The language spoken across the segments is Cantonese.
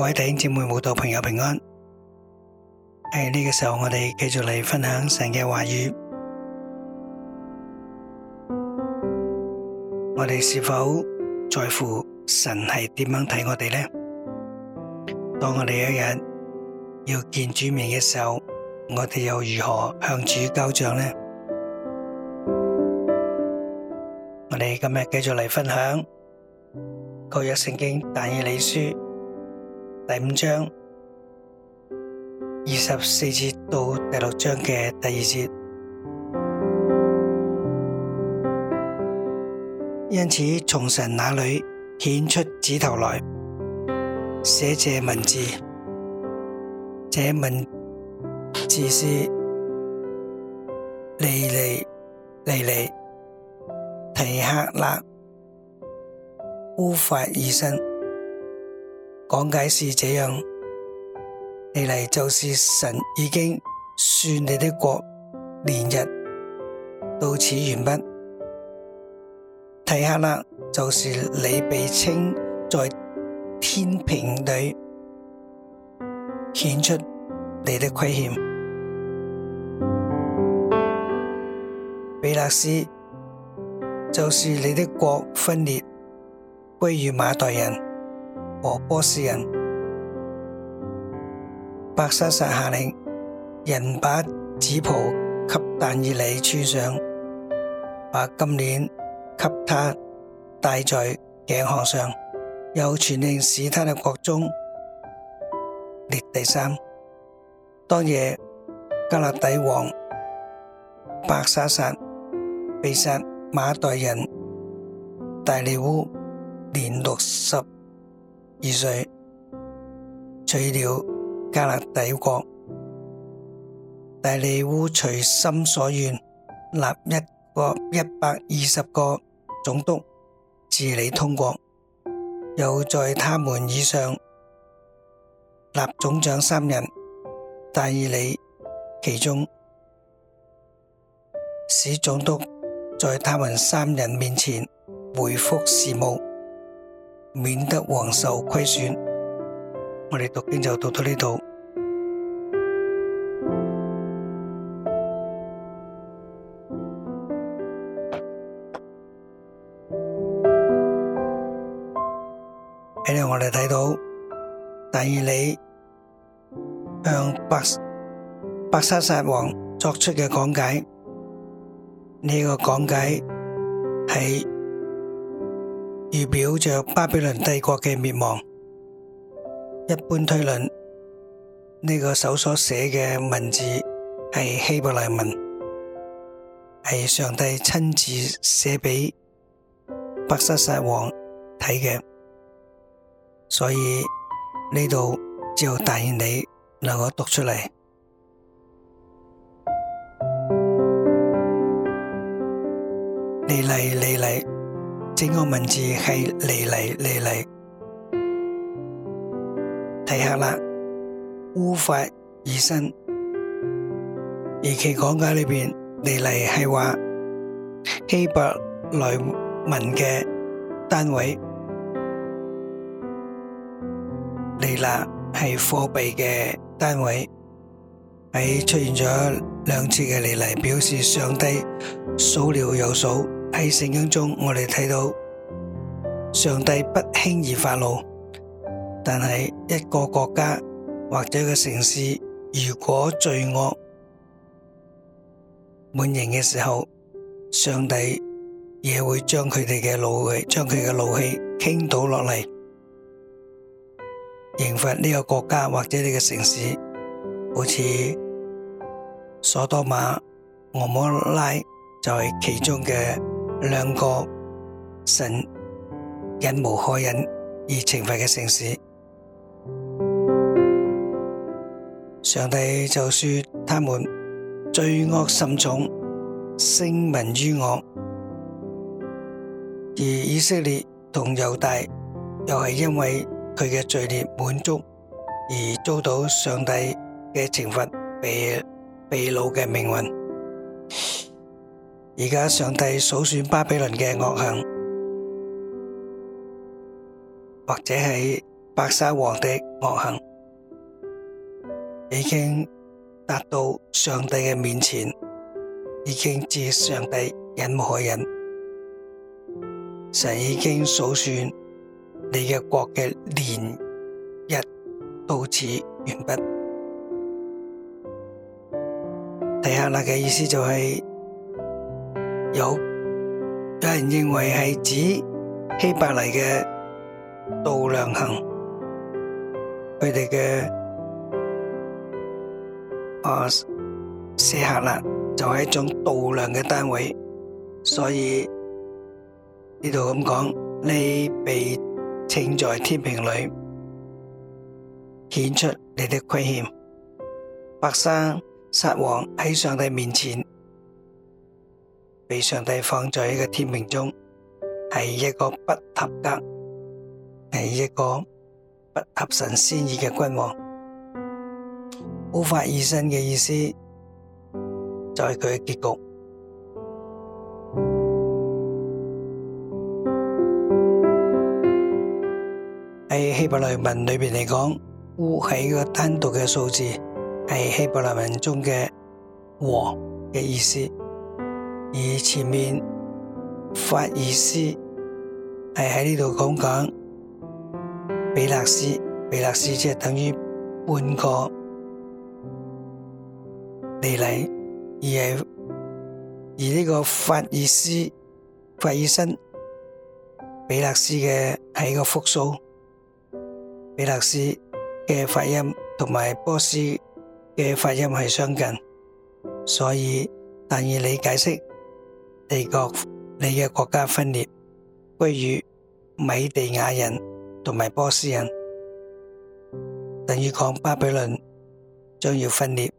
各位弟兄姊妹、慕道朋友平安。喺呢個時候，我哋繼續嚟分享神嘅話語。我哋是否在乎神係點樣睇我哋呢？當我哋有一日要見主面嘅時候，我哋又如何向主交賬呢？我哋今日繼續嚟分享舊約聖經但以理書。第五章二十四節到第六章嘅第二節，因此從神那裏顯出指頭來寫這文字，這文字是利利利利提客勒烏法珥新。講解是這樣，彌尼就是神已經算你的國年日到此完畢。提客勒，就是你被稱在天平裏顯出你的虧欠。比勒斯，就是你的國分裂歸於馬代人。和波斯人，白沙撒下令，人把紫袍給但以理穿上，把金鏈給他戴在頸項上，又傳令使他嘅國中列第三。當夜，加勒底王白沙撒被殺，馬代人大利烏年六十二歲，取了迦勒底國，大利烏隨心所願，立一個一百二十個總督治理通國，又在他們以上立總長三人，但以理，其中使總督在他們三人面前回覆事務，免得王受虧損，我哋讀經就讀到呢度。喺度，我哋睇到但以理向伯沙撒王作出嘅講解，呢個講解係，預表着巴比倫帝國嘅滅亡。一般推論，呢、這個手所寫嘅文字係希伯來文，係上帝親自寫俾伯沙撒王睇嘅，所以呢度就大願你能夠讀出嚟。你嚟，你嚟。整個文字係利利利利、提客勒、烏法珥新，而其講解裏邊，利利係話希伯來文嘅單位，利納係貨幣嘅單位，喺出現咗兩次嘅利利，表示上帝數了又數。喺聖經中，我哋睇到上帝不輕易發怒，但係一個國家或者個城市，如果罪惡滿盈嘅時候，上帝也會將佢哋嘅怒氣，將佢嘅怒氣傾倒落嚟，刑罰呢個國家或者呢個城市，好似所多瑪、蛾摩拉，就係其中嘅。兩個神忍無可忍而懲罰嘅城市，上帝就說他們罪惡甚重，聲聞於我。而以色列同猶大又係因為佢嘅罪孽滿足而遭到上帝嘅懲罰，被被擄嘅命運。而家上帝數算巴比倫嘅惡行，或者係白沙皇嘅惡行，已經達到上帝嘅面前，已經至上帝忍無可忍。神已經數算你嘅國嘅年日到此完畢。提客勒嘅意思就係、是。有被上帝放在一個天命中，係一個不合格，係一個不合神先意嘅君王，無法以身嘅意思，就係佢嘅結局。喺希伯來文裏面嚟講，烏係一個單獨嘅數字，係希伯來文中嘅和嘅意思。而前面法爾斯係喺呢度講講，比勒斯，比勒斯即係等於半個地里，而係而呢個法爾斯、法爾新、比勒斯嘅係一個複數，比勒斯嘅發音同埋波斯嘅發音係相近，所以但以理解釋。帝國裏嘅國家分裂歸於米地亞人同埋波斯人，等於講巴比倫將要分裂。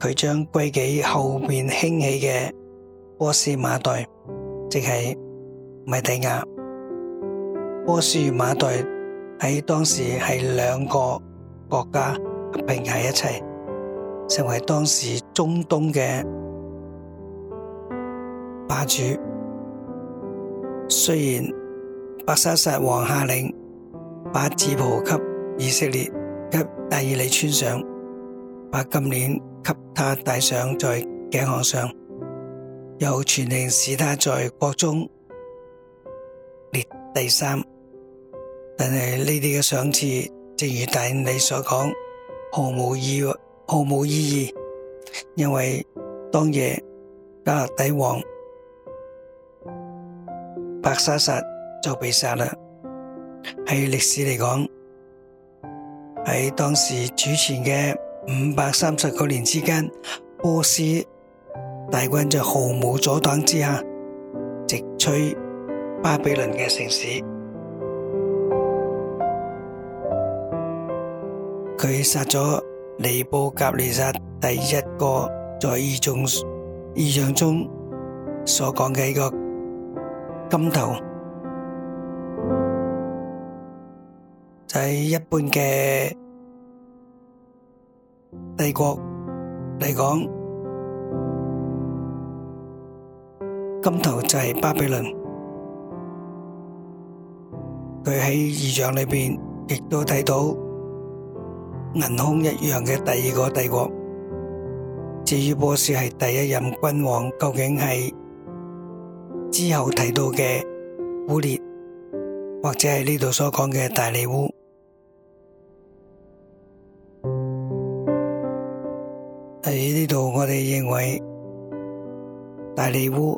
佢將歸畀後面興起嘅波斯馬代，即係米地亞。波斯馬代喺當時係兩個國家合併喺一齊。成為當時中東嘅霸主。雖然伯沙撒王下令把紫袍給以色列，給但以理穿上，把金鏈給他戴上在頸項上，又傳令使他在國中列第三。但係呢啲嘅賞賜，正如但以理所講，毫無意義。毫無意義，因為當夜加勒底王白沙薩就被殺了。喺歷史嚟講，喺當時主前嘅五百三十個年之間，波斯大軍就毫無阻擋之下，直趨巴比倫嘅城市，佢殺咗。尼布甲尼撒第一個在異象異象中所講嘅一個金頭，就係一般嘅帝國嚟講，金頭就係巴比倫。佢喺異象裏邊亦都睇到。銀空一樣嘅第二個帝國，至於波斯係第一任君王，究竟係之後提到嘅古列，或者係呢度所講嘅大利烏。喺呢度我哋認為大利烏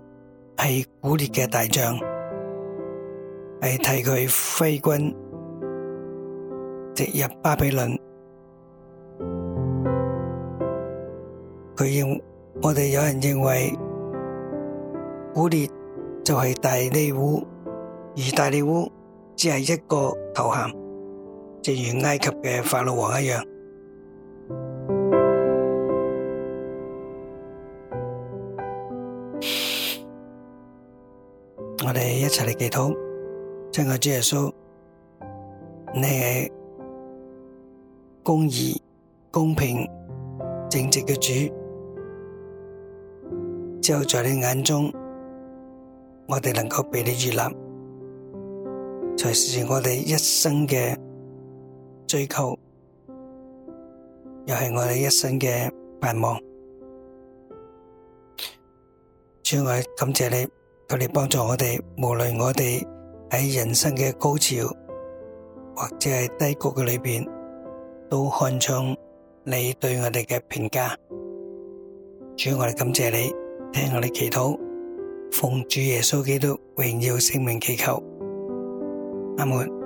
係古列嘅大將，係替佢揮軍直入巴比倫。佢認我哋有人認為古列就係大利烏，而大利烏只係一個頭銜，正如埃及嘅法老王一樣。 我哋一齊嚟祈禱，親愛主耶穌，你係公義、公平、正直嘅主。只有，在你眼中，我哋能夠被你悅納，才是我哋一生嘅追求，又係我哋一生嘅盼望。主，我哋感謝你，求你幫助我哋，無論我哋喺人生嘅高潮或者係低谷嘅裏邊，都看重你對我哋嘅評價。主，我哋感謝你。聽我哋祈禱，奉主耶穌基督榮耀聖名祈求，阿門。